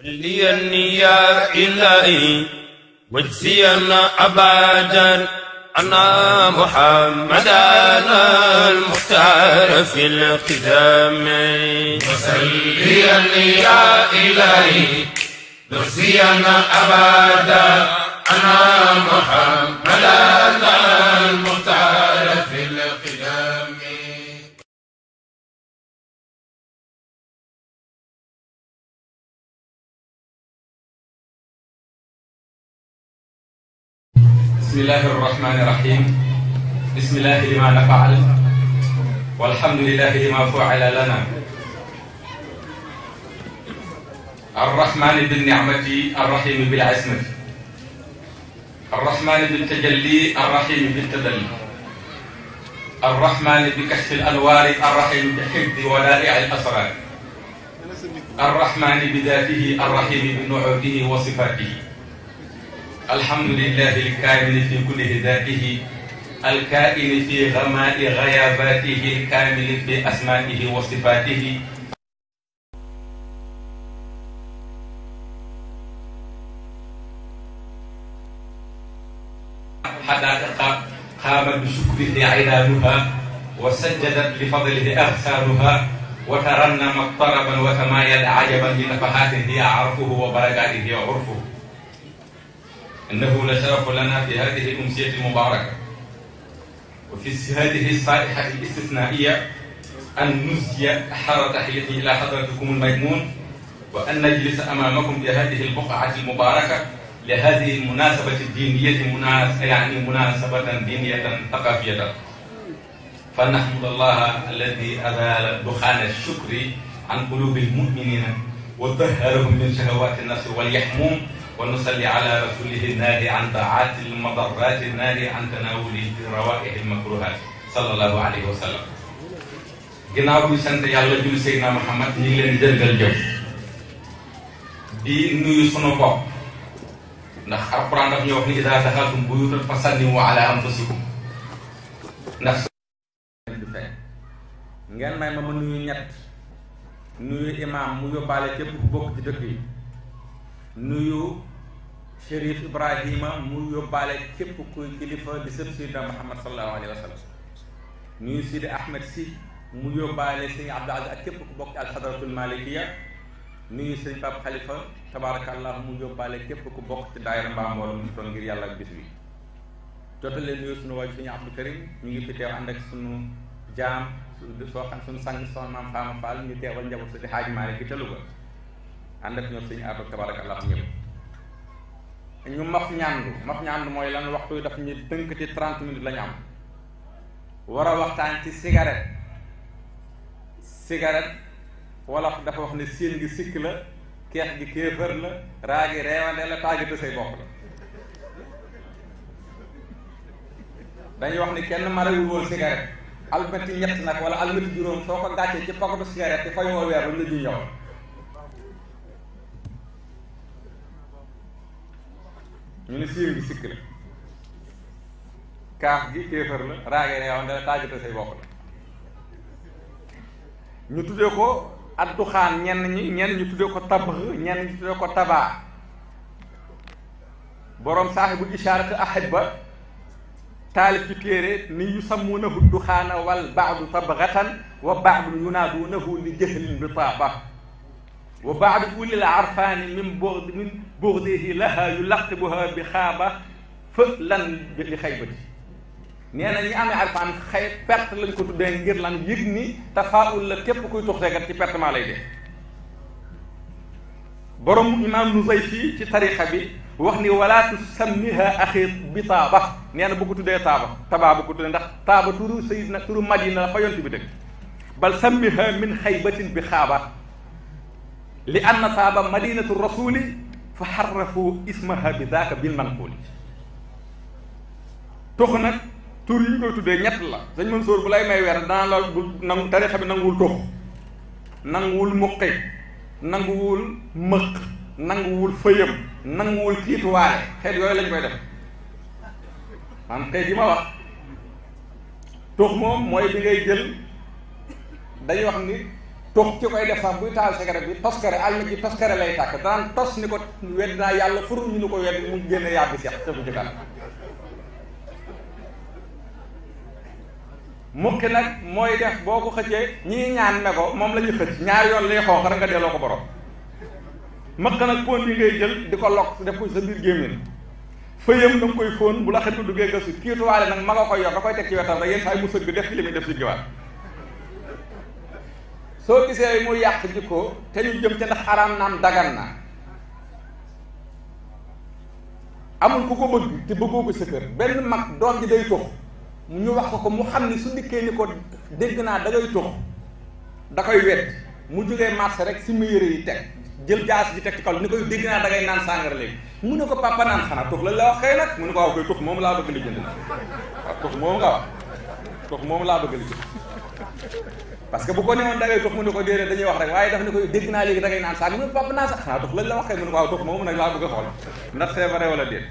سلي النيا إلهي واجزينا أبدا أنا محمدا المختار في القدام وسلي النيا إلهي واجزينا أبدا أنا محمدا بسم الله الرحمن الرحيم بسم الله لما نفعل والحمد لله لما فعل لنا الرحمن بالنعمة الرحيم بالعزمة الرحمن بالتجلي الرحيم بالتدلي الرحمن بكشف الأنوار الرحيم بحفظ ودائع الأسرار الرحمن بذاته الرحيم بنعوته وصفاته الحمد لله الكامل في كل ذاته الكائن في غماء غياباته الكامل في أسمائه وصفاته حدائق قامت بشكره عينانها وسجدت لفضله أغصانها وترنمت طربا وتمايل عجبا بنفحاته يعرفه وبركاته عرفه إنه لشرف لنا في هذه الأمسية المباركة وفي هذه الصائحة الاستثنائية أن نزجي حر تحيتي إلى حضرتكم الميمون وأن نجلس أمامكم في هذه البقعة المباركة لهذه المناسبة الدينية مناسبة يعني مناسبة دينية ثقافية فنحمد الله الذي أزال دخان الشكر عن قلوب المؤمنين وطهرهم من شهوات النفس واليحموم ونصلي على رسوله الناهي عن بعات المضرات الناهي عن تناول روائح المكروهات صلى الله عليه وسلم جناب سنت يا الله جل سيدنا محمد نيل نجر الجو دي نيو سنو بوب ناخ القران دا نيو اذا دخلتم بيوت فسلموا على انفسكم نفس ngeen may ma nuyu ñett nuyu imam mu yobale cëpp bokk ci dëkk yi nuyu Chérif Ibrahima mu yóbbaale képp kuy kilifa di sëb Seydina Muhammad sallallahu alayhi wa sallam nuyu Sidi Ahmed si mu yóbbaale sëñ Abdou Aziz ak képp ku bokk alxadratul malikiya nuyu sëñ Pape Khalifa tabaarakallah mu yóbbaale képp ku bokk ci daayira mu toon ngir yàlla ak bis bi jotale nuyu sunu waaj suñu Abdou Karim ñu ngi fi teew ànd ak sunu jaam soo xam sunu sang soxna maam Faama Fall ñu teewal njaboot si di Haaj Maalik gi te Louga ànd ak ñoo sëñ Abdou tabaarakallah ñëpp ñu maf ñàndu maf ñàndu mooy lan waxtu daf ñu dënk ci trente minutes lañu am war a waxtaan ci cigarette cigarette wala dafa wax ne siin gi sikk la keex gi kéefër la raa gi reewande la taa gi tësay bopp la dañuy wax ni kenn marewul woon cigarette almati ñett nag wala almati juróom soo ko gàccee ci paquetu cigarette te fay woo weer ba ñu la ñëw ñu ni siiw gi sikk la kaaf gi kéefër la raagee ne yow dana tàggate say bokk la ñu tuddee ko adduxaan ñenn ñi ñenn ñu tuddee ko tabax ñenn ñu tuddee ko tabaa boroom saaxibul ishaarati ahad ba taalif ci téere ni yu sammuunahu duxaana wal baadu tabaxatan wa baadu yunaaduunahu li jahlin bi taaba وبعد أولي العرفان من بغض من بغضه لها يلقبها بخابة فقلا لخيبتي نانا ني امي عرفان خي بيرت لا نكو تودي غير لان يغني تفاؤل لا كيب كوي توخ ريغات تي بيرت ما لاي ديف بروم امام نوفيتي تي طريقه بي وخني ولا تسميها اخي بطابه نانا بوكو تودي تابا تابا بوكو تودي ندخ تابا تورو سيدنا تورو مدينه فا يونتي بي دك بل سميها من خيبه بخابه لأن صاب مدينة الرسول فحرفوا اسمها بذاك بالمنقول توخنا تور يي نوي تودي نيات لا سيني منصور بلاي ماي وير دان لا نانغ تاريخا بي نانغول توخ نانغول مخي نانغول مخ نانغول فيام نانغول كيت واري خيت يوي لاج باي ديف مام تي ديما واخ توخ موم موي بي غاي جيل داي واخ ني tux ci koy def sax buy taal sigaret bi toskare àll ji toskare lay tàkk daan tos ni ko wedd naa yàlla fur ñu ni ko wedd mu génne yàbbi seex te bu jëkkat mukki nag mooy def boo ko xëccee ñii ñaan ne ko moom la ñu xëcc ñaar yoon lay xonq rek nga delloo ko borom mëq nag pon yi ngay jël di ko lokk def ko sa biir gémmiñ fëyam da nga koy fóon bu la xetu duggee gëstu kiituwaale nag ma nga koy yor da koy teg ci wetam rek yenn saa mu sëgg def ci li def ci soo gisee mu yàq jikko te ñu jëm ca ndax araam naan dagan na amul ku ko bëgg te bëggoo ko sa kër benn mag doom ji day tux ñu wax ko ko mu xam ni su dikkee ni ko dégg naa da ngay tux da koy wet mu jógee marché rek si mu yi teg jël jaas ji teg ci kaw ni koy dégg naa da ngay naan sàngara léegi mu ne ko papa naan xanaa tux la la wax kay nag mu ne ko waaw koy tux moom laa bëgg li jënd waaw tux moom laa bëgg li parce que bu ko newoon da ngay tox mu ne ko déedéet dañuy wax rek waaye daf ne ko dégg naa léegi da ngay naan sax mu ne papa naa sax xanaa tox lañ la waxee mu ne ko waaw tox moomu nag laa bëgg a xool ndax c'est vrai wala déet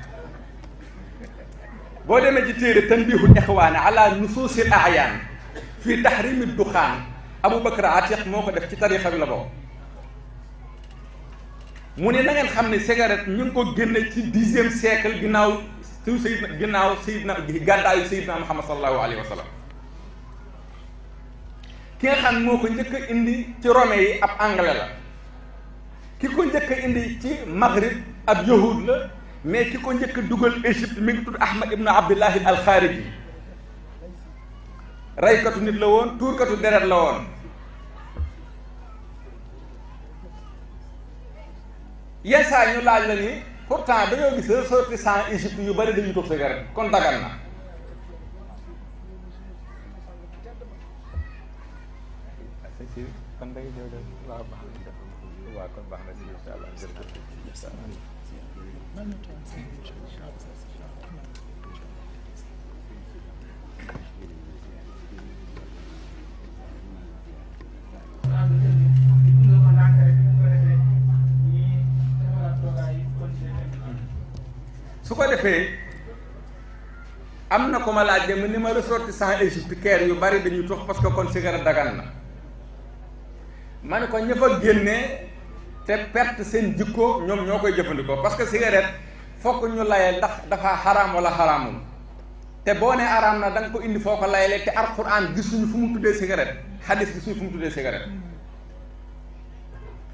boo demee ci téere tanbihul ixwaane ala nusuusil ayaan fii tahrimi duxaan Aboubacar Atiq moo ko def ci tarixa bi la bokk mu ne na ngeen xam ne cigarette ñu ngi ko génne ci dixième siècle ginnaaw su sayidna ginnaaw sayidna gàddaayu sayidna Muhammad sallallahu alayhi wa sallam ki nga moo ko jëkk indi ci rome yi ab anglais la ki ko jëkk a indi ci maghrib ab yahud la mais ki ko njëkk a dugal égypte mi ngi tudd ahmad ibnu abdullahi alxaariji reykatu nit la woon tuurkatu deret la woon yenn saa ñu laaj la ni pourtant dañoo gis ressortissant égypte yu bari dañu tux cigarette kon dagan na sih pandai dia udah lama udah wakon banget sih udah lanjut su ko defee am na ko ma laaj de ni ma ressortissant égypte keer yu bari dañuy tox parce que kon sigara dagan na ma ne ko ña fa génnee te perte seen jikko ñoom ñoo koy jëfandikoo parce que cigarette fokk ñu layee ndax dafa xaraam wala xaraamul te boo nee araam na da ko indi foo ko layalee te alxuraan gisuñu fu mu tuddee cigarette xadis gisuñu fu mu tuddee cigarette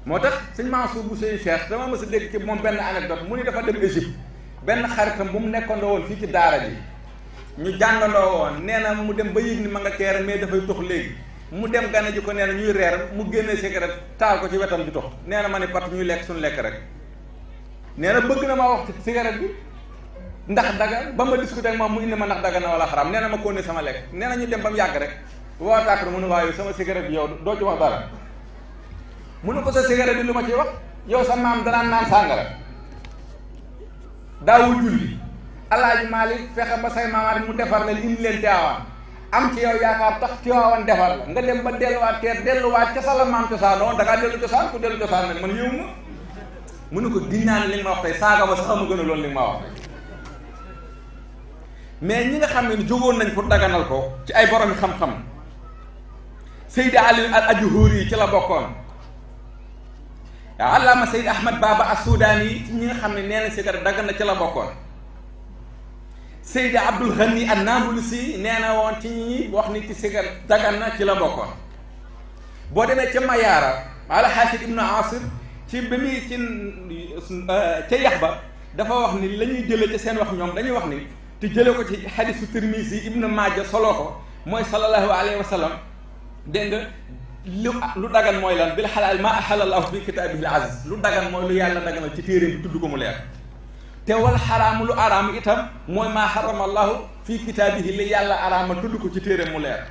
moo tax sëñ Mansour bu seen Cheikh dama mës a dégg ci moom benn anecdote mu ni dafa dem Égypte benn xaritam bu mu nekkandoo woon fii ci daara ji ñu jàngandoo woon nee na mu dem ba yëg ni ma nga teer mais dafay tox léegi mu dem gane ji ko nee na ñuy reer mu génne cigarette taal ko ci wetam di tox nee na ma ne pat ñuy lekk suñu lekk rek nee na bëgg na ma wax ci cigarette bi ndax daga ba ma discuté moom mu indi ma ndax daga na wala xaram nee na ma kóone sama lekk nee ñu dem ba mu yàgg rek waa tàkkar mu ne waaye sama cigarette bi yow doo ci wax dara mu ne ko sa cigarette bi lu ma ciy wax yow sa maam danaan naan sàngara daawul julli alaaji Maalik fexe ba say maamaat mu defar leen indi leen teewaan am ci yow yaakaar tax Tiwaawan defar la nga dem ba delluwaat teer delluwaat ca sala maam cosaanoo da ngaa dellu cosaan ku dellu cosaan nag man ñëw ma mënu ko ginnaan li nga ma wax tey saaga ba sax ma gën a loolu li nga wax tey mais ñi nga xam ne jógoon nañ pour dagganal ko ci ay borom xam-xam Seydi Ali al Ajhuri yi ci la bokkoon Allaama Seydi Ahmad Baba as sudaan yi ñi nga xam ne nee na sigar dagan na ci la bokkoon Seyda Abdul Ghani an-Nabulusi nee na woon ci ñi wax ni ci sigar dagan na ci la bokkoon boo demee ca Mayaara ala Xaasid ibnu Asir ci bi muy ci euh, ca yax ba dafa wax ni lañuy ñuy jëlee seen wax ñoom dañuy wax ni te jëlee ko ci xadisu Tirmisi ibnu Maaja soloo ko mooy sallallahu alayhi wa sallam dégg nga lu lu dagan mooy lan bil xalaal maa ahalallahu fi kitaabihi al aziz lu dagan mooy lu yàlla daganal ci téeréem bi tudd ko mu leer te wal xaraam lu araam itam mooy maa xarama allahu fii kitaabihi li yàlla araama tudd ko ci téere mu leer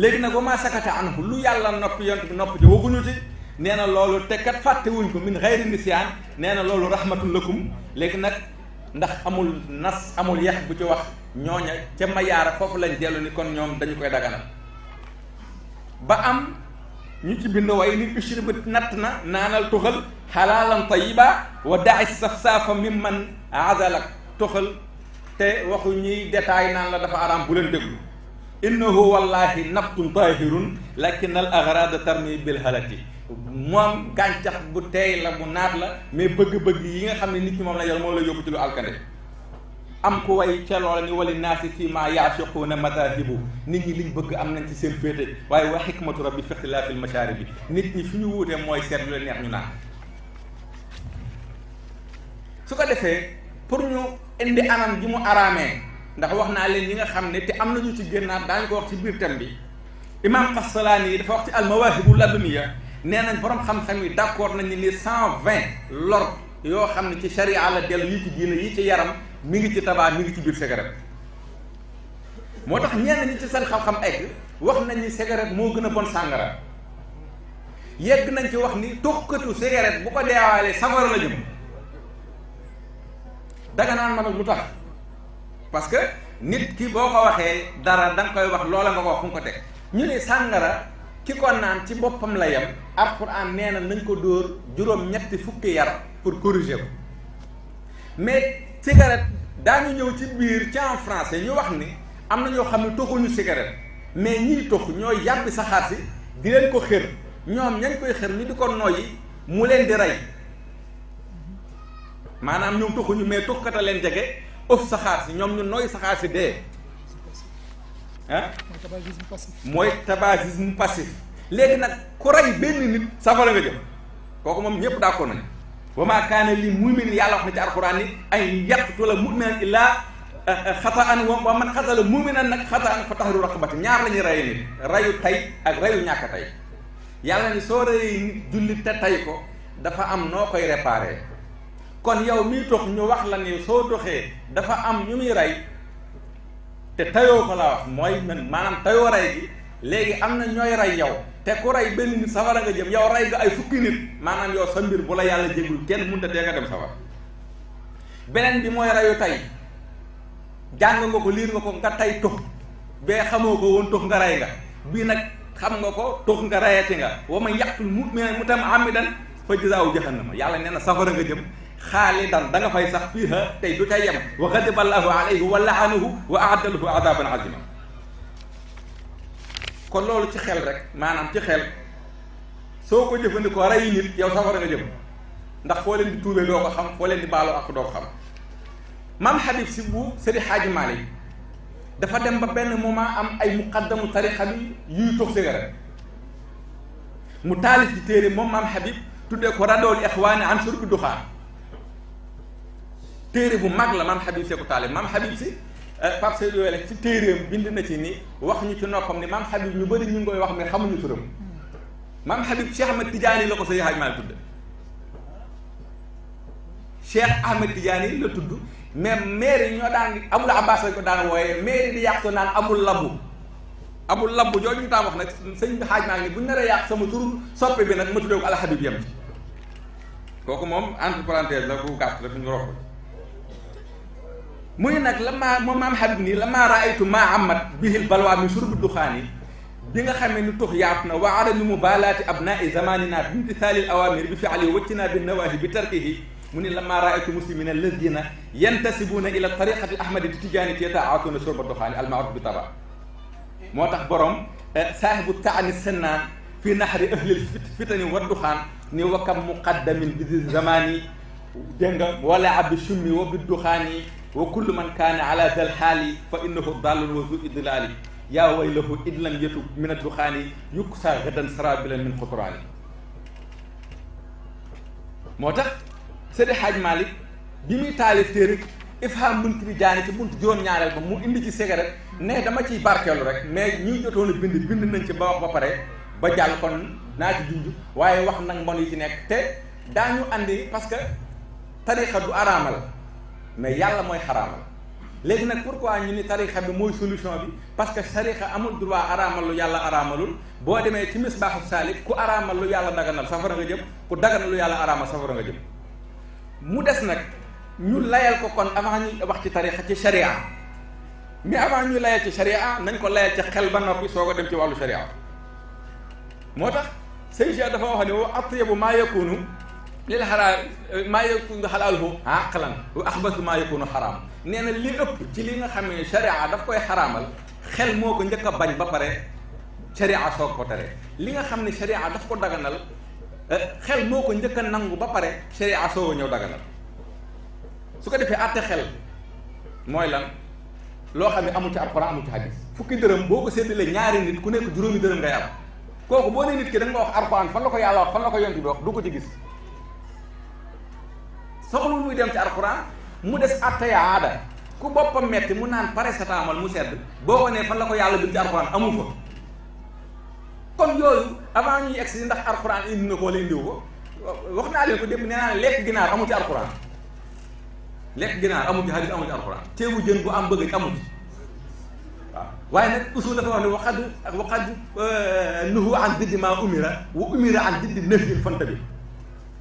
léegi nag wa maa sakata anhu lu yàlla noppi yont bi noppi ci waxuñu ci nee na loolu te kat fàttewuñ ko min xayri nisiyaan nee na loolu rahmatul lakum léegi nag ndax amul nas amul yax bu ci wax ñooña ca mayaara foofu lañ dellu ni kon ñoom dañu koy daganal ba am نيتي بن واي نيت اشرب نتنا نانال توخل حلالا طيبا ودع السفسافا ممن عزلك توخل تي واخو ني ديتاي نان لا دافا ارام بولن دغلو انه والله نبت طاهر لكن الاغراض ترمي بالهلكي موم غانتاخ بو تي لا بو نات لا مي بغ بغ ييغا خامي نيت موم لا يال مو لا الكاندي am ko way ca loola ni wali nasi fi ma yaasiquuna madahibu nit ñi liñ bëgg am nañ ci seen fété waaye wa hikmatu rabbi fi ixtilaafil masharibi nit ñi fi ñu wuté moy sét lu neex ñu naan su ko défé pour ñu indi anam gi mu aramé ndax wax naa leen ñi nga xam ne te am nañu ci génnaat daañu ko wax ci biir tam bi imam Qasalaani yi dafa wax ci almawaahibu labniya nee nañ borom xam-xam yi d' accord nañ ni 120 lor yoo xam ne ci sharia la dellu yi ci diine yi ci yaram mi ngi ci tabaa mi ngi ci biir cigarette moo tax ñenn ñi ci seen xam-xam egg wax nañ ni cigarette moo gën a bon sàngara yegg nañ ci wax ni tuxkatu cigarette bu ko deewaalee safara la jëm daga naan ma nag lu tax parce que nit ki boo ko waxee dara da koy wax loola nga ko wax fu ko teg ñu ne sàngara ki ko naan ci boppam la yem alquran nee na nañ ko dóor juróom ñetti fukki yar pour corriger ko mais cigarette daañu ñëw ci biir ci en français ñu wax ni am na ñoo xam ne toxuñu cigarette mais ñiy tox ñooy yàbbi saxaar si di leen ko xër ñoom ñañ koy xër ñu di ko noyyi mu leen di rey maanaam ñoom toxuñu mais toxkat a leen jege ëf saxaar si ñoom ñu noyyi saxaar si dee ah mooy tabagisme passif léegi nag ku rey benn nit safara nga jëm kooku moom ñëpp d'accord nañ wa lii kaana li mu'minin yàlla wax na ci alxuraan ni ay yaqtula mu'minan illaa eh, eh, xataan wa man xatala mu'minan nag xataan fa tahriru raqabati ñaar la ñuy rey nit reyu tey ak reyu ñàkk tey yàlla ni soo reyee jullit te tey ko dafa am noo koy réparé kon yow miy tox ñu wax la ni soo doxee dafa am ñu muy rey te tayoo ko la wax mooy man maanaam tayoo rey gi léegi am na ñooy rey yow te ku rey benn nit safara nga jëm yow rey nga ay fukki nit maanaam yow sa mbir bu la yàlla jégul kenn mun a tee nga dem safara bi mooy reyu tey jàng nga ko liir nga ko nga tey tux bee ko woon tux nga rey nga bii nag xam nga ko tux nga reyati nga wa man yaqtul mu'minan muta'ammidan fa jazaahu jahannama yàlla nee na safara nga jëm xaalidan da nga fay sax fiiha tey du tey yem wa ghadiba allahu alayhi wa la'anahu wa a'adda lahu azima kon loolu ci xel rek maanaam ci xel soo ko jëfandikoo rey nit yow safara nga jëm ndax foo leen di tuubee doo ko xam foo leen di baaloo ak doo ko xam mam Habib si bu Sëriñ Xaaji Maalik dafa dem ba benn moment am ay muqaddamu tariqa bi yuy tox sigaret mu taalif di téere moom mam Habib tuddee ko radool ixwaani an surbi duxaa téere bu mag la maam Habib see ko taalif mam Habib si Euh, Pape Seydou Wele ci téeréem bind na ci ni wax ñu ci noppam ni maam Habib ñu bëri ñu ngi koy wax mais xamuñu turam maam Habib Cheikh Ahmed Tidiane la ko Seydi Hadji Malick tudd Cheikh Ahmed Tidiane la tudd mais maire yi ñoo daan Abul Abbas lañ ko daan wooyee maire di yàq soo naan amul labbu amul labbu jooju ñu taam wax nag sëñ bi xaaj naa ni bu nar a yàq sama turu soppe bi nag ma tuddee ko Al Habib yam kooku moom entre parenthèse la bu gàtt la fi ñu roxul موي ناك لما مام حبيب ني لما رايت ما عمت به البلوى من شرب الدخان ديغا خامي ني توخ ياتنا وعدم مبالاه ابناء زماننا بامتثال الاوامر بفعل وجنا بالنواهي بتركه من لما رايت مسلمين الذين ينتسبون الى طريقه احمد التجاني يتعاطون شرب الدخان المعروف بطبع موتاخ بروم صاحب التعن السنان في نحر اهل الفتن والدخان ني وكم مقدم بالزماني دنگا ولا عبد الشمي وبالدخان وكل من كان على ذا الحال فانه ضال وذو اضلال يا ويله ان لم يتب من الدخان يكسى غدا سرابلا من خطران موتا سيدي حاج مالك بيمي تالي تيرك افهام بنت جاني تي بنت جون نيار با مو اندي سي سيغار ني داما تي باركلو رك مي ني جوتون بند بند نانتي با با بري با جال كون ناتي دوندو واي واخ نك موني تي نيك تي داني اندي باسكو tarixa du araamal mais yàlla mooy xaraamal léegi nag pourquoi ñu ni tarixa bi mooy solution bi parce que tarixa amul droit araamal lu yàlla araamalul boo demee ci misbaaxu saalik ku araamal lu yàlla daganal safara nga jëm ku daganal lu yàlla araamal safara nga jëm mu des nag ñu layal ko kon avant ñuy wax ci tarixa ci sharia mais avant ñu layal ci sharia nañ ko layal ci xel ba noppi soo ko dem ci wàllu sharia moo tax sëñ dafa wax ne للحرام ما يكون حلال هو عقلا واخبث ما يكون حرام نينا لي اوب تي ليغا خامي شريعه دا فكاي حرامال خيل موكو نديكا باج با بري شريعه سوكو تري ليغا خامي شريعه دا فكو دغانال خيل موكو نديكا نانغو با بري شريعه سو نيو دغانال سوكو ديفي ات خيل موي لان لو خامي امو تي القران امو تي حديث فكي درم بوكو سيتي لي نياري نيت كو نيكو جورومي درم غا يال كوكو بو ني نيت كي دا نغا واخ القران فان لاكو يالا واخ فان لاكو يونتي واخ دوكو تي غيس soo ko soxlul muy dem ci alxuraan mu des attaya aada ku boppam metti mu naan paracétamol mu sedd boo ko nee fan la ko yàlla bind ci alxuraan amu kon yooyu avant ñuy egsi ndax alxuraan indi na koo leen diw ko wax naa leen ko démb ginaar amu ci alxuraan lekk ginaar amu ci teewu jën bu am bëgg amu ci waaw waaye nag usul dafa wax ne waqad waqad euh, nuhu an diddi maa umira wa umira an diddi nëfin fanta bi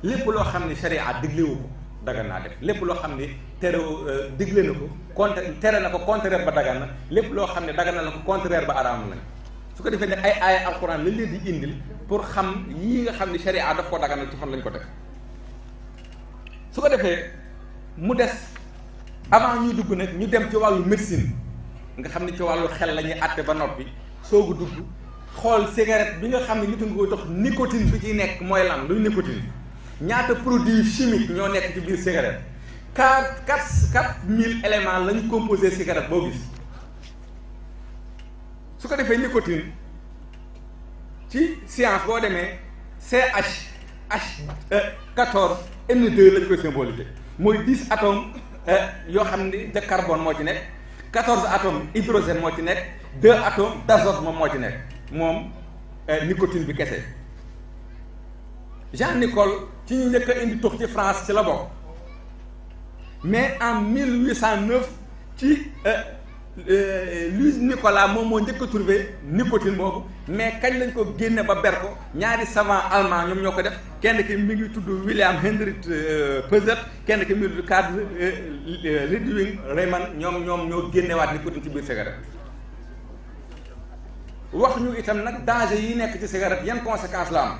lépp loo xam ne sharia diglewu ko dagan naa def lépp loo xam ne tere euh, digle na ko contre tere na ko contraire ba dagan na lépp loo xam ne daganal na ko contraire ba araam na su ko defee nag ay aaya alxuraan lañ leen di indil pour xam yii nga xam ne sharia daf ko daganal ci fan lañ ko teg su ko defee mu des avant ñuy dugg nag ñu dem ci wàllu médecine nga xam ne ci wàllu xel la ñuy àtte ba noppi soogu dugg xool cigarette bi nga xam ne nit nga koy dox nicotine bi ciy nekk mooy lan luy nicotine ñaata produit chimique ñoo nekk ci biir cigarette quatre quatre quatre mille éléments lañu composé cigarette boo gis su ko defee nicotine ci science boo demee CH H e, quatorze N deux lañ koy symboliser mooy dix atomes e, yoo xam ni de carbone moo ci nekk quatorze atomes hydrogène moo ci nekk deux atomes d'azote moom moo ci nekk moom e, nicotine bi kese Jean Nicole ci ñu njëkk indi tux ci France ci la bokk mais en 1809 ci euh, euh, Louis Nicolas moom moo njëkk a trouver nicotine boobu mais kañ lañ ko génne ba ber ko ñaari savant allemand ñoom ñoo ko def kenn ki mi ngi tudd William Hendrik euh, Peuzet kenn ki mi ngi tudd cadre Ludwig Riemann ñoom ñoom ñoo génnewaat nicotine ci biir cigarette wax ñu itam nag danger yi nekk ci cigarette yan conséquences la am.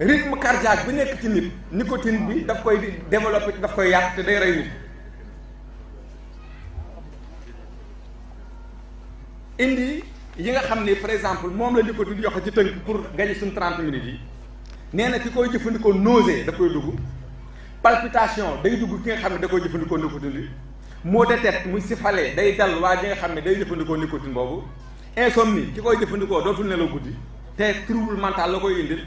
rythme cardiaque bi nekk ci nit nicotine bi daf koy développé daf koy yàq te day rey nit indi yi nga xam ne par exemple moom la nicotine joxe ci tënk pour gagner suñ trente minutes yi nee na ki koy jëfandikoo nausée da koy dugg palpitation day dugg ki nga xam ne da koy jëfandikoo nicotine bi moo de tête muy sifalee day dal waa ji nga xam ne day jëfandikoo nicotine boobu insomnie ki koy jëfandikoo dootul nelaw guddi te trouble mental la koy indil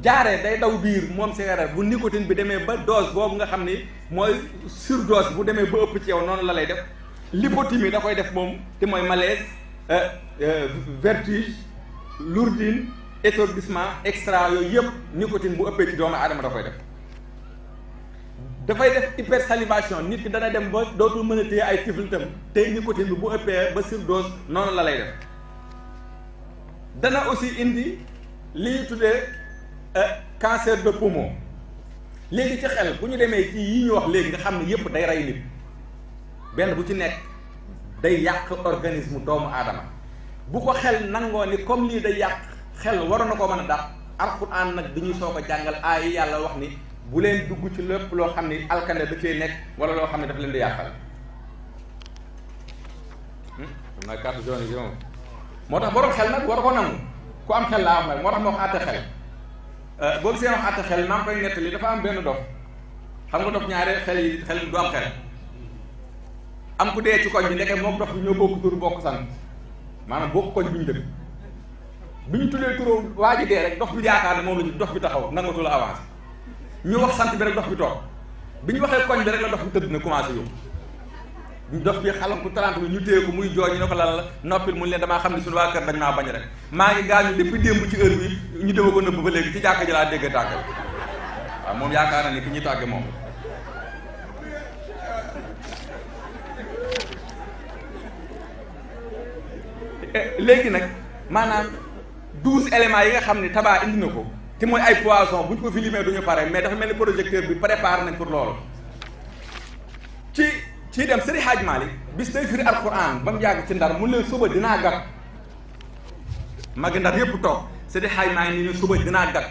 jaaree day daw biir moom cigarette bu nicotine bi demee ba dose boobu nga xam ni mooy surdose bu demee ba ëpp ci yow noonu la lay def lipothymie da koy def moom te mooy malaise euh, euh, vertige lourdine étourdissement extra yooyu yëpp nicotine bu ëppee ci doomu aadama da koy def dafay def hypersalivation nit ki dana dem ba dootul mën a téye ay tiflitam te nicotine bi bu ëppee ba surdose noonu la lay def dana aussi indi li tuddee Euh, cancer de poumon léegi ci xel bu ñu demee ci yi ñu wax léegi nga xam ne yépp day rey nit benn bu ci nekk day yàq organisme doomu aadama bu ko xel nangoo ni comme lii day yàq xel waroon na ko mën a dàq alxuraan nag dañuy soo ko jàngal aay yàlla wax ni bu leen dugg ci lépp loo xam ne alkande da cee nekk wala loo xam ne daf leen di yàqal hmm? moo tax borom xel nag war ko nangu ku am xel laa am nag moo tax moo ko àtte xel Euh, boo gisee wax àtte xel maa ngi koy nettali dafa am benn dof xam nga dof ñaare xel yi xel du am xel am ku dee ci koñ bi ndeke moom dof bi ñoo bokk tur bokk sant maanaam bokk koñ bi ñu dëkk bi ñu tuddee turoo waa ji dee rek dof bi yaakaar ne moom la ñu dof bi taxaw nangatul avancé ñu wax sant bi rek dof bi toog bi ñu waxee koñ bi rek la dof bi tëdd na commencé yóbbu dof bi xalanku 30 bi ñu téye ko muy jooy ñu ne ko lan la noppil mu leen damaa xam ne suñu waa kër dañ maa bañ rek maa ngi gaañu depuis démb ci heure bi ñu dama ko nëbb ba léegi ci jàkka ji laa dégg tàgg waaw moom yaakaar na ni ki ñuy tàgge moom eh, léegi nag maanaam douze éléments yi nga xam ne Taba indi na ko te mooy ay poisson bu ñu ko du duñu pare mais dafa mel ni projecteur bi préparé nañ pour loolu ci ci dem Serigne Hadj Malick bis day firi alquran bam yag ci ndar mu leen suba dina gag mag ndar yep tok Serigne Hadj Malick ni ñu suba dina gag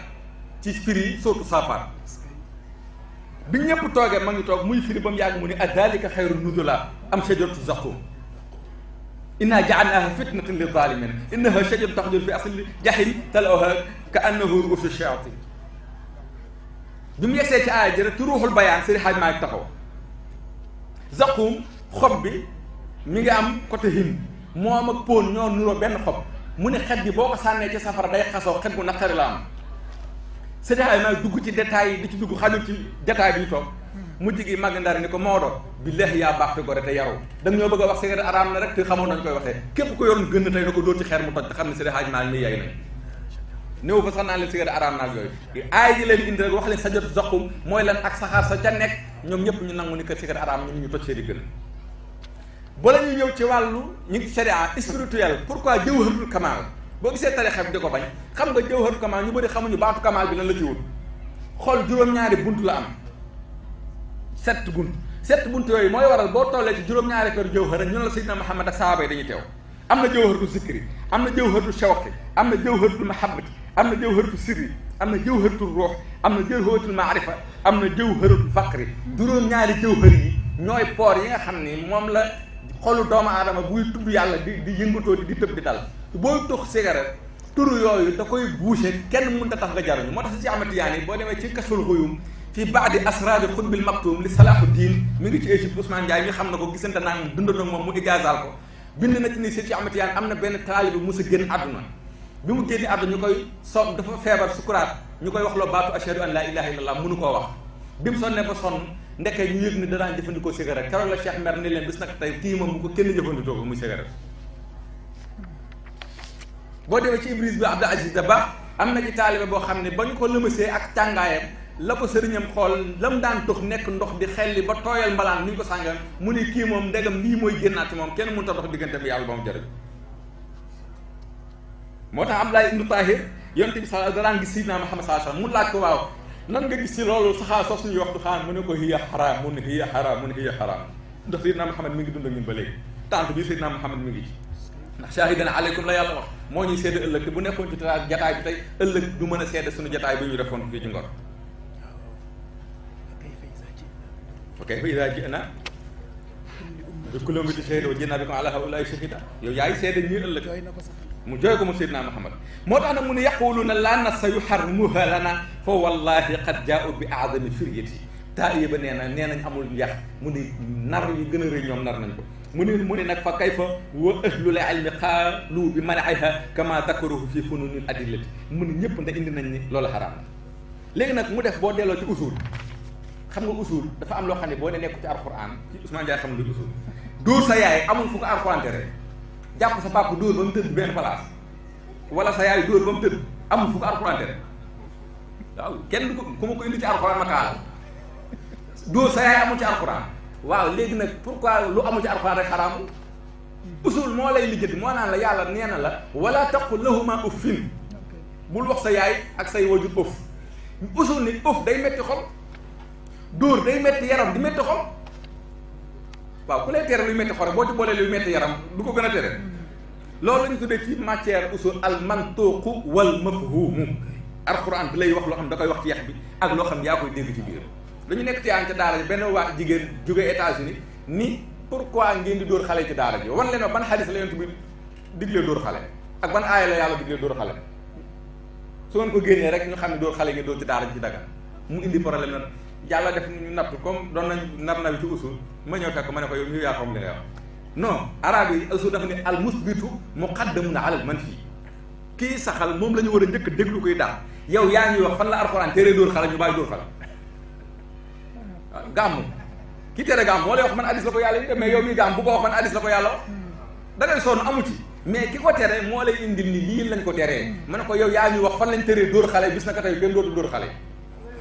ci firi sotu safar bi ñep toge mag ngi tok muy firi bam yag mu ni adalika khairun nudula am shajaratu zaqqum inna ja'alnaha fitnatan li zalimin innaha shajaratu taxjur fi asl jahim talaha ka'annahu annahu shayatin bi yesse ci aaya jëre ci ruuxul bayaan Serigne Hadj Malick taxaw زقوم خبي مي ام كوتهيم موما بون ньо نورو بن خوب موني خدي بوكو ساني تي سفر داي خاسو خدو نخر لام سيدي هاي ما دوجو تي ديتاي دي تي دوجو خالو تي ديتاي بي توك مودي غي ماغ ندار نيكو مودو بالله يا باخت غور تا يارو دا نيو بغا واخ سيغر ارام لا رك تي خامو نان كوي واخه كيب كو يورن گن تاي نكو دوتي خير مو توك خامني سيدي هاج مال ني ياي نا نيو فسانال سيغر ارام نا جوي اي جي لين اندي واخ لين سجد زقوم موي لان اك سخار سا تا نيك ñoom ñëpp ñu nangu ni que sikkar araam ñun ñu toj seen i gën ba la ñuy ñëw ci wàllu ñu ngi sharia spirituel pourquoi jawharatul kamal boo gisee tarixa bi di ko bañ xam nga jawharatul kamal ñu bëri xamuñu baatu kamal bi lan la ci wut xool juróom-ñaari bunt la am sept bunt sept bunt yooyu mooy waral boo tollee ci juróom-ñaari kër jawhara ñu la sayyidina Muhammad ak sahaaba yi dañuy teew am na jawharatul zikri am na jawharatul shawqi am na jawharatul mahabbati am na jawharatu sirri am na jawharatu ruux am na jawharatul maarifa am na jawharatul faqri juróom-ñaari jawhar yi ñooy poor yi nga xam ni moom la xolu doomu aadama buy tudd yàlla di di yëngatoo di di tëb di dal booy tux cigarette turu yooyu da koy boucher kenn mënut a tax nga jaruñu moo tax si Ahmad Tijaani boo demee ci kasul xuyum fii baadi asraari xutbil maktum li salaahu diin mi ngi ci Égypte Ousmane Ndiaye mi xam na ko gisante naa dundandoo moom mu ijaazaal ko bind na ci ni si Ahmad Tijaani am na benn taalibe bu mos a génn àdduna bi mu génne àdduna ñu koy son dafa feebar sukuraat ñu koy wax loo baatu ashhadu an laa ilaha illallah mënu koo wax bi mu sonnee ba sonn ndekkee ñu yëg ni danaa jëfandikoo cigarette keroog la Cheikh Mer ni leen bis nag tey kii moom bu ko kenn jëfandikoo ko muy cigarette boo demee ci Ibris bi Abdou Aziz ba am na ci taalibe boo xam ne ba ñu ko lëmasee ak tàngaayam la ko sëriñam xool la mu daan tux nekk ndox di xelli ba tooyal mbalaan ni ñu ko sàngam mu ne kii moom ndegam lii mooy génnaat ci moom kenn mënut a yàlla ba mu moo tax Abdoulaye ibnu Tahir yonent bi sa daraan gis Sidina Muhammad saa sax mu laaj ko waaw nan nga gis si loolu saxaar sos ñuy wax du xaan mu ne ko hiya xaraamun hiya xaraamun hiya xaraam ndax Sidina Muhammad mi ngi dund ak ñun ba léegi tànt bi Sidina Muhammad mi ngi ci ndax shaahidan aleykum la yàlla wax moo ñuy seede ëllëg te bu nekkoon ci ta jataay bi tey ëllëg du mën a seede suñu jataay bi ñu defoon fii ci ngor fa kayfa idaa ji'naa bi kullin bi shahidin wa ji'naa bika alaa haa'ulaa'i shahiidaa yow yaay seede ñii ëllëg مجاكم سيدنا محمد موت انا من يقولون لنا سيحرمها لنا فوالله قد جاءوا باعظم فريتي تايب نينا نينا امول يخ من نار يي غن ري نيوم نار نانكو من من نك فكيف واهل العلم قالوا بمنعها كما تكره في فنون الادله من نيب دا اندي نني لول حرام لغي نك مو ديف بو ديلو سي اصول خم نغ اصول دا فا ام القران عثمان جاي خم لو اصول دو سا ياي امول jàpp sa papa dóor ba mu tëdd benn place wala sa yaay dóor ba mu tëdd amul fu alxuraan tere waaw kenn du ko ku ma ko indi ci alxuraan ma kaal dóor sa yaay amul ci alxuraan waaw léegi nag pourquoi lu amul ci alxuraan rek xaraamul usul moo lay lijjanti moo naan la yàlla nee na la wala taqul lahuma uffin bul wax sa yaay ak say wajur ëf usul ni ëf day metti xol dóor day metti yaram di metti xol waaw ku lay tere luy metti xorom boo ci boolee luy metti yaram du ko gën a tere loolu lañu tuddee ci matière usul al mantuqu wal mafhumu alquran bi lay wax loo xam da koy wax ci yax bi ak loo xam yaa koy dégg ci biir dañu nekk ci aan ca daara ji benn waa jigéen jóge états-unis ni pourquoi ngeen di dóor xale ci daara ji wan leen ban xadis la yonent bi diglee dóor xale ak ban aaya la yàlla diglee dóor xale su ngeen ko génnee rek ñu xam ne dóor xale ngeen dóor ci daara ji daga mu indi problème nag yàlla def ñu natt comme doon nañ nar nawi ci usul ma ñëw fekk ma ne ko yow ñu yaa xam li nga wax non arabe yi usul dafa ne al musbitu muqaddamun ala al manfi kii saxal moom la ñu war a njëkk déglu koy daal yow yaa ngi wax fan la alxuraan téere dóor xala ñu bàyyi dóor xala ah, gàmm ki tere gàmm moo lay wax man addis la ko yàlla yi mais yow mii gàmm bu ko wax man addis la ko yàlla wax da ngay sonn amu ci mais ki ko tere moo lay indil ni lii lañ ko teree ma ne ko yow yaa ñuy wax fan lañ teree dóor xale bis na ko tey kenn dootu dóor xale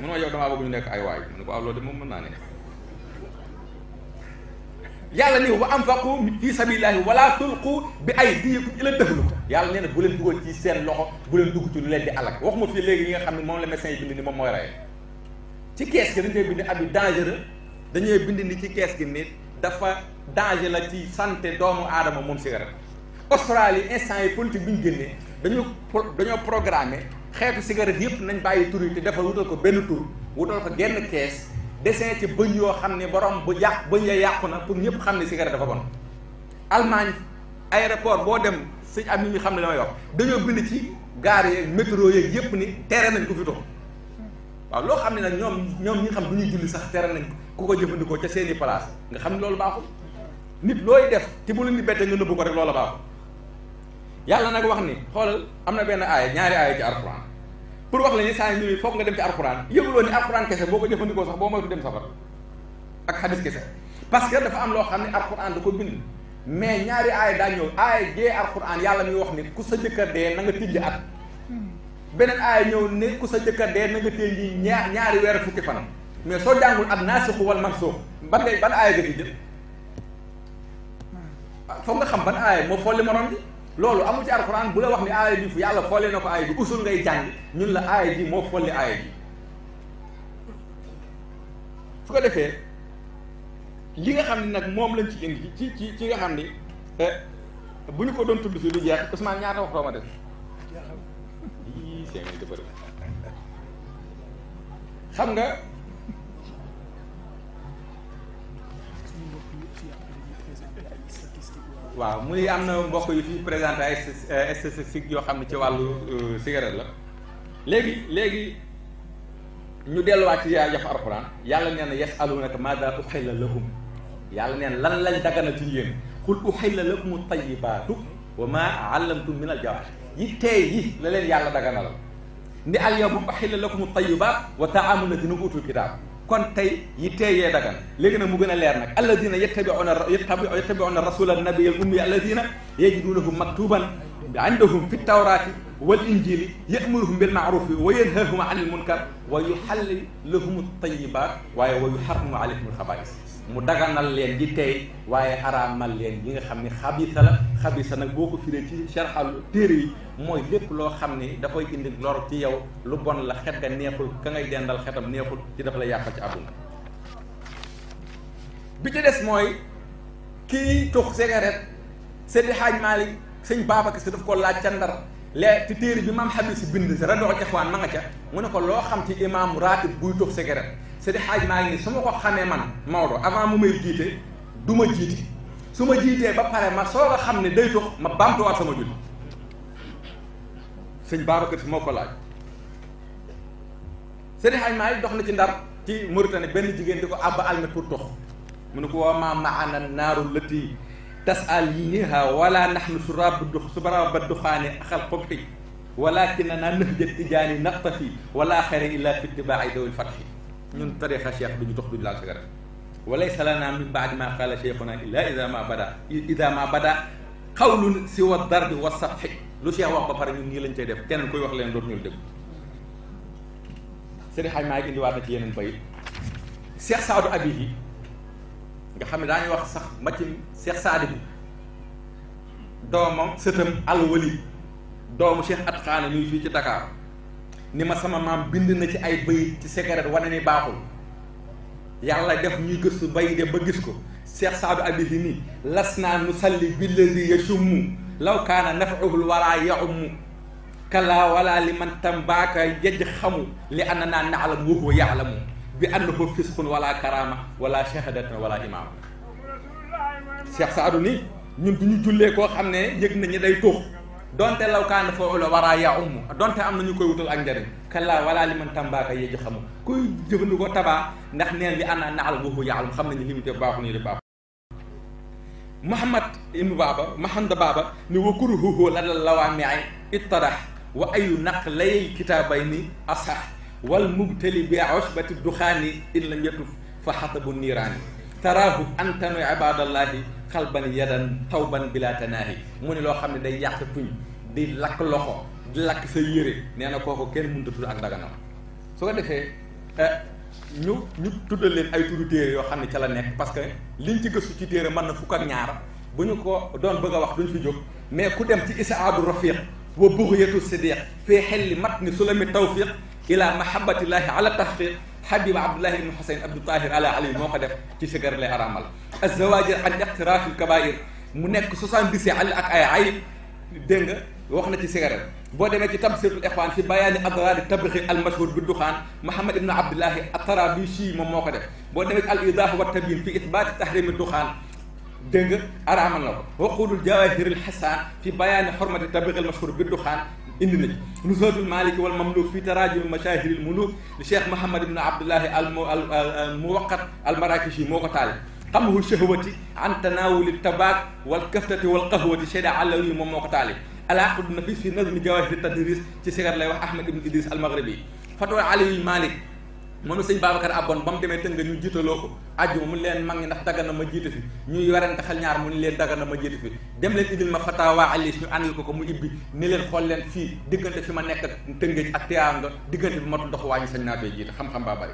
mu ne ma yow damaa ñu nekk ay waay mu ne ko aw loolu de moom mën naa ne yàlla ni wa anfaqu fi sabilillahi wala tulqu bi aydikum ila tahluka yàlla nee na bu leen dugal ci seen loxo bu leen dugg ci lu leen di alak waxuma fii léegi li nga xam ne moom la médecin yi bind ni moom mooy rey ci kees gi dañ koy bind abi dangereux dañuy bind ni ci kees gi nit dafa danger la ci sante doomu aadama moom cigarette Australie instant yi politique bi ñu génnee dañu dañoo programmé xeetu cigarette yëpp nañ bàyyi tur yi te defal wutal ko benn tur wutal ko genn kees dessin ci bëñ yoo xam ne borom bu yàq bëñ ya yàqu na pour ñëpp xam ne cigarette dafa bon. Allemagne aéroport boo dem sëñ am ñu xam ne damay wax dañoo bind ci gaar yeeg métro yeeg yëpp ni tere nañ ko fi waaw loo xam ne nag ñoom ñoom ñi xam du ñuy julli sax tere nañ ku ko jëfandikoo ca seeni place nga xam ne loolu baaxul nit looy def te bu leen di bette nga nëbb ko rek loola baaxul. yàlla nag wax ni xoolal am na benn aaya ñaari aaya ci alxuraan pour wax la ni saa ñëwee foog nga dem ci alxuraan yëguloo ni alxuraan kese boo ko jëfandikoo sax boo moytu dem safar ak xadis kese parce que dafa am loo xam ne alxuraan da ko bind mais ñaari aaya daa ñëw aaya jee alxuraan yàlla mi wax ni ku sa jëkkër dee na nga tijji at beneen aaya ñëw ni ku sa jëkkër dee na nga tijji ñaar ñaari weer fukki fan mais soo jàngul ak naasixu wal mansuux ban ngay ban aaya nga ci nga xam ban aaya moo folli morom loolu amul ci alxuraan bu la wax ni aaya bi fu yàlla folle na ko aaya bi usul ngay jàng ñun la aaya bi moo folli aaya bi su ko defee li nga xam ne nag moom lañ ci indi ci ci ci nga xam ni eh, bu ñu ko doon tudd fii du jeex Ousmane ñaata waxtoo ma def xam nga waaw mu muy am na mbokk yu fi présenté ay euh, statistiques yoo xam ne ci wàllu euh, cigarette la léegi léegi ñu delluwaat ci yaa jox alxuraan yàlla nee na yasalunaka maada uxilla lahum yàlla neen lan lañ dagana ci yéen xul uxilla lakum tayibaatu wa maa allamtum min aljawaarih yi tey yi la leen yàlla daganalal ni al yawma uxilla lakum tayibaat wa taamu lazina utul kitaab kon tey yittee yee dagan léegi nag mu gën a leer nag alladina yettabiuna yettabiuna yettabiuna rasula nabi al ummi alladina yajidunahu maktuban عندهم في التوراة والإنجيل يأمرهم بالمعروف وينهاهم عن المنكر ويحلل لهم الطيبات ويحرم عليهم الخبائث mu daganal leen ji tey waaye araamal leen yi nga xam ne xabisa la xabisa nag boo ko firee ci sharxal téere yi mooy lépp loo xam ni dafay indi lor ci yow lu bon la xet ga neexul ka ngay dendal xetam neexul ci dafa la yàqal ci àdduna bi ci des mooy kii tux cigarette Seydi Hajj Maalik sëñ Babacar Si daf ko laaj ca Ndar lee ci téere bi maam xabis si bind si radoxo ixwaan ma nga ca mu ne ko loo xam ci imaam raatib buy tux cigarette Seydi Hadj Malick ni su ma ko xamee man Maodo avant mu may jiite du ma jiite su ma jiitee ba pare ma soog a xam ne day tux ma baamtuwaat sama julli sëñ Babacar Si moo ko laaj Seydi Hadj Malick dox na ci ndar ci Mauritanie benn jigéen di ko àbba almet pour tux mu ne ko waa maa maana naaru lati tasal yiniha wala nahnu suraba du suraba duxaane axal xobxi walakinana nëx jët tijaani naqtafi wala xayra illa fi itibaa'i dawil fatxi ñun tarixa cheikh duñu dox duñu laal sigaret walay salana min ba'd ma qala shaykhuna illa idha ma bada idha ma bada qawlun siwa darbi wa sabhi lu cheikh wax ba pare ñun ñi lañ cey def kenn koy wax leen do ñu dégg seri xay ma ngi indiwaat na ci yeneen bayit cheikh saadu abihi nga xamni dañu wax sax ci cheikh saadu bi setam al alwali domu cheikh atxaana ñu fi ci dakar ni ma sama mam bind na ci ay bayit ci secret wanani baxul yàlla def ñuy gëstu bay de ba gis ko Cheikh Saadu abidi ni lasna nusalli nu salli billadi law kana naf'uhu wala ya'um kala wala liman tambaka tambaaka xamu li anana na'lam wa huwa yaalamu bi annahu fisqun wala karama wala shahadatan wala imam Cheikh Saadu ni ñun duñu julle ko xamne yegg ne yëg day tuux donte law kaana fa'ula waraa yaa ummu donte am na ñu koy wutal ak njariñ kallaa walaa li man tambaaka yee ji xamu kuy jëfandikoo tabaa ndax neen li ana naxal boobu yaalam xam nañu li mu def baaxul nii de baaxul Muhammad ibnu Baaba Mahanda Baaba ni wa kuruhuhu la dal lawaamii ittarax wa ayu naq layey kitaabay ni asax wal mubtali bi usbati duxaani in lam yatuf fa xatabu niiraani taraahu antanu ibadallahi xalban yadan tawban bila tanaahi mu ne loo xam ne day yàq tuñ di lakk loxo di lakk sa yére nee na kooku kenn mëntatul ak daganam su ko defee eh, ñu ñu tuddal leen ay turu téere yoo xam ne ca la nekk parce que liñ ci gëstu ci téere mën na fukk ak ñaar bu ñu ko doon bëgg a wax duñ fi jóg mais ku dem ci isaabu rafiq wa buxyatu sidiq fii xelli matni sulami tawfiq ila mahabatillahi ala tahqiq xaddi ba abdulahi ibnu xusayn abdou tahir ala ali moo ko def ci sigar lay araamal azawajir an iqtirafil kabair mu nekk 77 àll ak ay ayib dégg nga wax na ci sigaret boo demee ci tabsirul ixwaan fi bayaani adraari tabrixi al mashhur bi duxaan mahamad ibnu abdullahi atarabishi moom moo ko def boo demee ci al idaha wa tabyin fi itbaati tahrimi duxaan dégg nga araamal na ko waqulul jawahiril xasaan fi bayaani xormati tabrixi al mashhur bi duxaan اندنا نزول المالك والمملوك في تراجم مشاهير الملوك لشيخ محمد بن عبد الله الموقت المراكشي موقتالي قمه شهوتي عن تناول التباك والكفتة والقهوة شيدا علوي موقتالي على عقد نفيس في نظم جواهر التدريس تسير لوح أحمد بن إدريس المغربي فتوى علي المالك mënu sëñ Babacar Abone ba mu demee tënga ñu jiitaloo ko ajjuma mu leen mag ñi ndax dagana ma jiite fi ñuy werante xel ñaar mu ni leen dagana ma jiite fi dem leen indil ma fatawa alis ñu àndal ko ko mu ibbi ni leen xool leen fii diggante fi ma nekk tëngéej ak téyaa nga diggante bi matul dox waañu sañ naa bee jiite xam-xam baa bari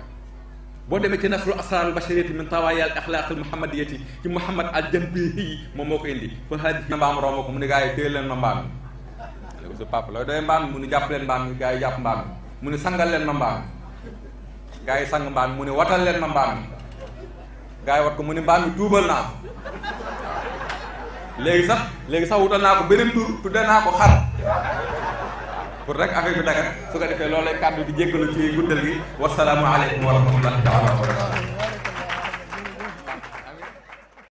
boo demee ci nasrul asraarul bashariyati min tawaayal axlaaqil muhammadiyati ci muhammad al janbihi moom moo ko indi fa xaadis mbaam romb ko mu ni gaa yi téye leen ma mbaam mi ne ko su papa looy doy mbaam mi mu ni jàpp leen mbaam mi gaa yi jàpp mbaam mi mu ni sangal leen ma mbaam mi gaa yi sang mbaam mu ne watal leen ma mbaam mi gaa yi wat ko mu ne mbaam mi tuubal naa ko léegi sax léegi sax wutal naa ko beneen tur tudde naa ko xar pour rek affaire bi dagat su ko defee loolu lay kàddu di jéggalu ci guddal gi wasalaamu aleykum wa rahmatullahi taala wa